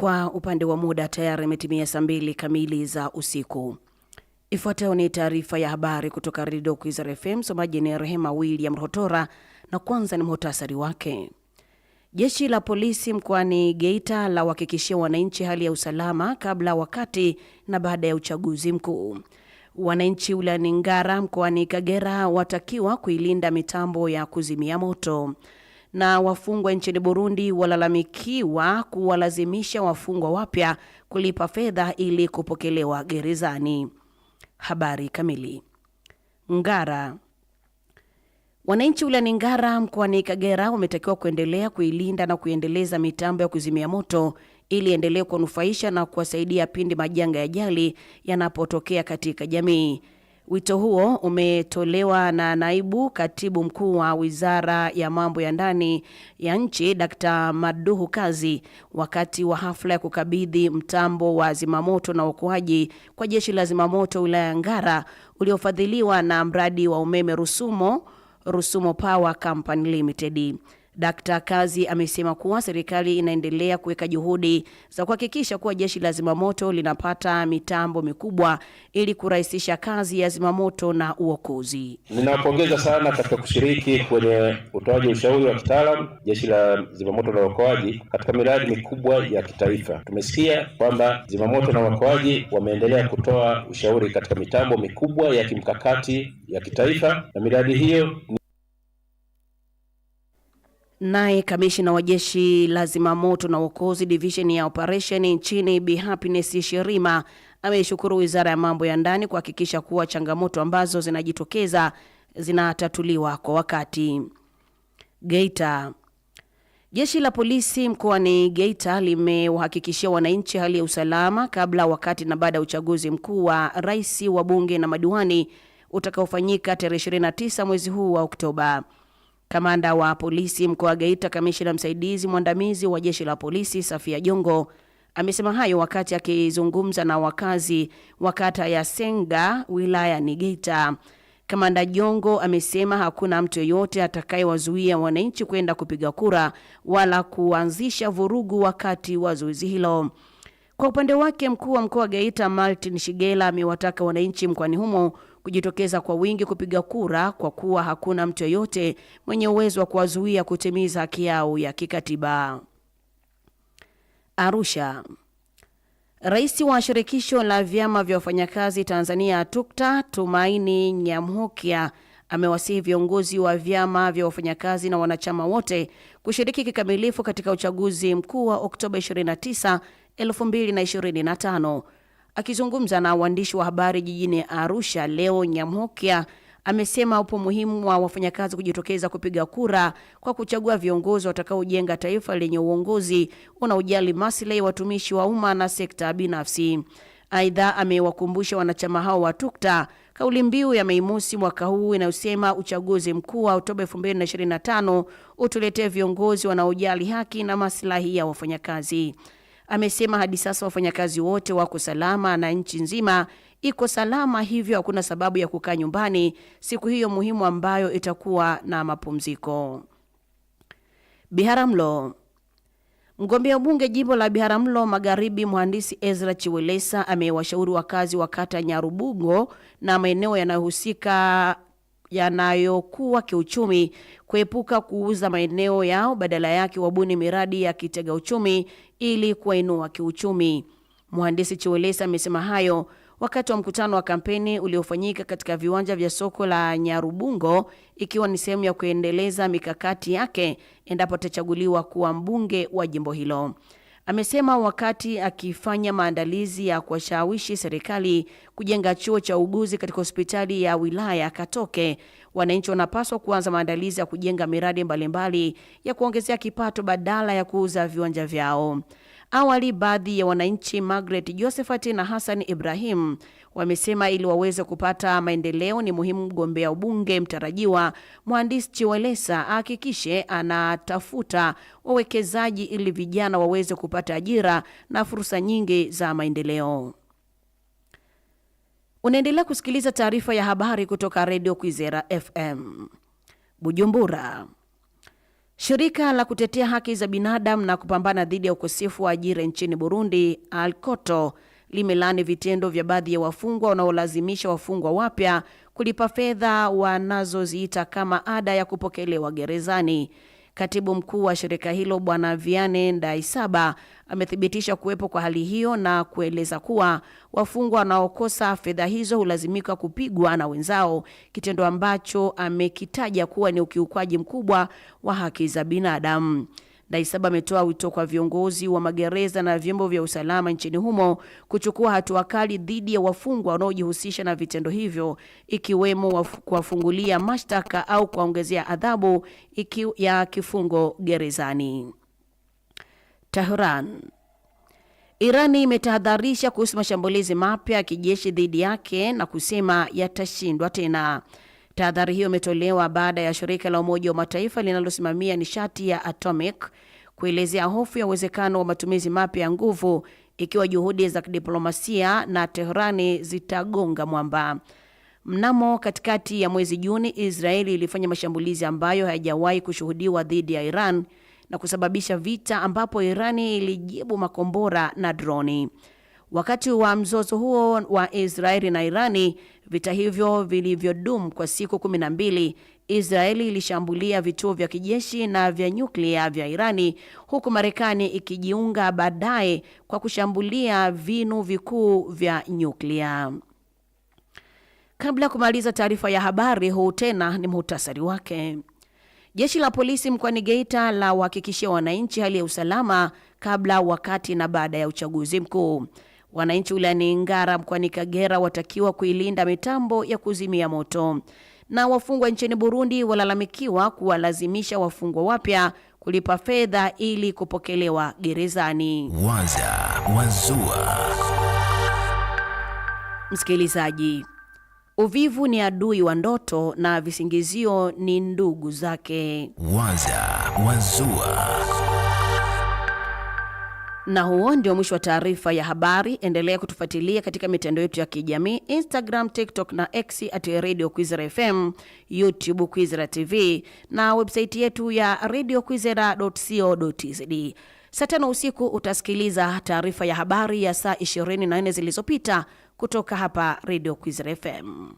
Kwa upande wa muda tayari imetimia saa mbili kamili za usiku. Ifuatayo ni taarifa ya habari kutoka redio Kwizera FM. Msomaji ni Rehema William Rotora na kwanza ni muhtasari wake. Jeshi la polisi mkoani Geita la wahakikishia wananchi hali ya usalama kabla, wakati na baada ya uchaguzi mkuu. Wananchi wilayani Ngara mkoani Kagera watakiwa kuilinda mitambo ya kuzimia moto na wafungwa nchini Burundi walalamikiwa kuwalazimisha wafungwa wapya kulipa fedha ili kupokelewa gerezani. Habari kamili. Ngara. Wananchi wilayani Ngara mkoani Kagera wametakiwa kuendelea kuilinda na kuiendeleza mitambo ya kuzimia moto ili endelee kuwanufaisha na kuwasaidia pindi majanga ya ajali yanapotokea katika jamii. Wito huo umetolewa na naibu katibu mkuu wa Wizara ya Mambo ya Ndani ya Nchi, Dkt. Maduhu Kazi wakati wa hafla ya kukabidhi mtambo wa zimamoto na uokoaji kwa Jeshi la Zimamoto wilaya ya Ngara uliofadhiliwa na mradi wa umeme Rusumo Rusumo Power Company Limited. Dkt. Kazi amesema kuwa serikali inaendelea kuweka juhudi za kuhakikisha kuwa jeshi la zimamoto linapata mitambo mikubwa ili kurahisisha kazi ya zimamoto na uokozi. Ninawapongeza sana katika kushiriki kwenye utoaji ushauri wa kitaalamu jeshi la zimamoto na uokoaji katika miradi mikubwa ya kitaifa. Tumesikia kwamba zimamoto na uokoaji wameendelea kutoa ushauri katika mitambo mikubwa ya kimkakati ya kitaifa na miradi hiyo Naye kamishina wa jeshi la zimamoto na uokozi divisheni ya operation nchini Bi Happiness Sherima ameishukuru wizara ya mambo ya ndani kuhakikisha kuwa changamoto ambazo zinajitokeza zinatatuliwa kwa wakati. Geita. Jeshi la polisi mkoani Geita limewahakikishia wananchi hali ya usalama kabla, wakati na baada ya uchaguzi mkuu wa rais, wa bunge na madiwani utakaofanyika tarehe 29 mwezi huu wa Oktoba. Kamanda wa polisi mkoa wa Geita, kamishina msaidizi mwandamizi wa jeshi la polisi Safia Jongo amesema hayo wakati akizungumza na wakazi wa kata ya Senga wilaya ni Geita. Kamanda Jongo amesema hakuna mtu yoyote atakayewazuia wananchi kwenda kupiga kura wala kuanzisha vurugu wakati wa zoezi hilo. Kwa upande wake, mkuu wa mkoa wa Geita Martin Shigela amewataka wananchi mkoani humo kujitokeza kwa wingi kupiga kura kwa kuwa hakuna mtu yeyote mwenye uwezo wa kuwazuia kutimiza haki yao ya kikatiba. Arusha. Rais wa shirikisho la vyama vya wafanyakazi Tanzania tukta Tumaini Nyamhokia amewasihi viongozi wa vyama vya wafanyakazi na wanachama wote kushiriki kikamilifu katika uchaguzi mkuu wa Oktoba 29, 2025 Akizungumza na waandishi wa habari jijini Arusha leo, Nyamhokia amesema upo muhimu wa wafanyakazi kujitokeza kupiga kura kwa kuchagua viongozi watakaojenga taifa lenye uongozi unaojali maslahi ya watumishi wa umma na sekta binafsi. Aidha, amewakumbusha wanachama hao wa tukta kauli mbiu ya Mei Mosi mwaka huu inayosema uchaguzi mkuu wa Oktoba 2025 utuletee viongozi wanaojali haki na maslahi ya wafanyakazi amesema hadi sasa wafanyakazi wote wako salama na nchi nzima iko salama, hivyo hakuna sababu ya kukaa nyumbani siku hiyo muhimu ambayo itakuwa na mapumziko. Biharamlo, Mgombea ubunge jimbo la Biharamlo Magharibi, mhandisi Ezra Chiwelesa amewashauri wakazi wa kata Nyarubugo na maeneo yanayohusika yanayokuwa kiuchumi kuepuka kuuza maeneo yao, badala yake wabuni miradi ya kitega uchumi ili kuwainua kiuchumi. Mhandisi Chiwelesa amesema hayo wakati wa mkutano wa kampeni uliofanyika katika viwanja vya soko la Nyarubungo ikiwa ni sehemu ya kuendeleza mikakati yake endapo atachaguliwa kuwa mbunge wa jimbo hilo. Amesema wakati akifanya maandalizi ya kuwashawishi serikali kujenga chuo cha uguzi katika hospitali ya wilaya Katoke, wananchi wanapaswa kuanza maandalizi ya kujenga miradi mbalimbali ya kuongezea kipato badala ya kuuza viwanja vyao. Awali, baadhi ya wananchi Margaret Josephat na Hassan Ibrahim wamesema ili waweze kupata maendeleo ni muhimu mgombea ubunge mtarajiwa Mhandisi Chiwelesa ahakikishe anatafuta wawekezaji ili vijana waweze kupata ajira na fursa nyingi za maendeleo. Unaendelea kusikiliza taarifa ya habari kutoka Radio Kwizera FM Bujumbura. Shirika la kutetea haki za binadamu na kupambana dhidi ya ukosefu wa ajira nchini Burundi, Alkoto, limelani vitendo vya baadhi ya wafungwa wanaolazimisha wafungwa wapya kulipa fedha wanazoziita kama ada ya kupokelewa gerezani. Katibu mkuu wa shirika hilo Bwana Viane Ndaisaba amethibitisha kuwepo kwa hali hiyo na kueleza kuwa wafungwa wanaokosa fedha hizo hulazimika kupigwa na wenzao, kitendo ambacho amekitaja kuwa ni ukiukwaji mkubwa wa haki za binadamu. Daisaba ametoa wito kwa viongozi wa magereza na vyombo vya usalama nchini humo kuchukua hatua kali dhidi ya wafungwa wanaojihusisha na vitendo hivyo, ikiwemo kuwafungulia mashtaka au kuwaongezea adhabu ya kifungo gerezani. Tehran. Irani imetahadharisha kuhusu mashambulizi mapya ya kijeshi dhidi yake na kusema yatashindwa tena. Tahadhari hiyo imetolewa baada ya shirika la Umoja wa Mataifa linalosimamia nishati ya atomic kuelezea hofu ya uwezekano wa matumizi mapya ya nguvu ikiwa juhudi za kidiplomasia na Teherani zitagonga mwamba. Mnamo katikati ya mwezi Juni, Israeli ilifanya mashambulizi ambayo hayajawahi kushuhudiwa dhidi ya Iran na kusababisha vita ambapo Irani ilijibu makombora na droni. Wakati wa mzozo huo wa Israeli na Irani, vita hivyo vilivyodumu kwa siku kumi na mbili, Israeli ilishambulia vituo vya kijeshi na vya nyuklia vya Irani, huku Marekani ikijiunga baadaye kwa kushambulia vinu vikuu vya nyuklia. Kabla ya kumaliza taarifa ya habari, huu tena ni muhtasari wake. Jeshi la polisi mkoani Geita la wahakikishia wananchi hali ya usalama kabla, wakati na baada ya uchaguzi mkuu. Wananchi wilayani Ngara mkoani Kagera watakiwa kuilinda mitambo ya kuzimia moto. Na wafungwa nchini Burundi walalamikiwa kuwalazimisha wafungwa wapya kulipa fedha ili kupokelewa gerezani. Waza Wazua. Msikilizaji, uvivu ni adui wa ndoto na visingizio ni ndugu zake. Waza Wazua. Na huo ndio mwisho wa taarifa ya habari. Endelea kutufuatilia katika mitandao yetu ya kijamii Instagram, TikTok na X at Radio Kwizera FM, YouTube Kwizera TV na websaiti yetu ya radiokwizera.co.tz. Saa tano usiku utasikiliza taarifa ya habari ya saa 24 zilizopita kutoka hapa Radio Kwizera FM.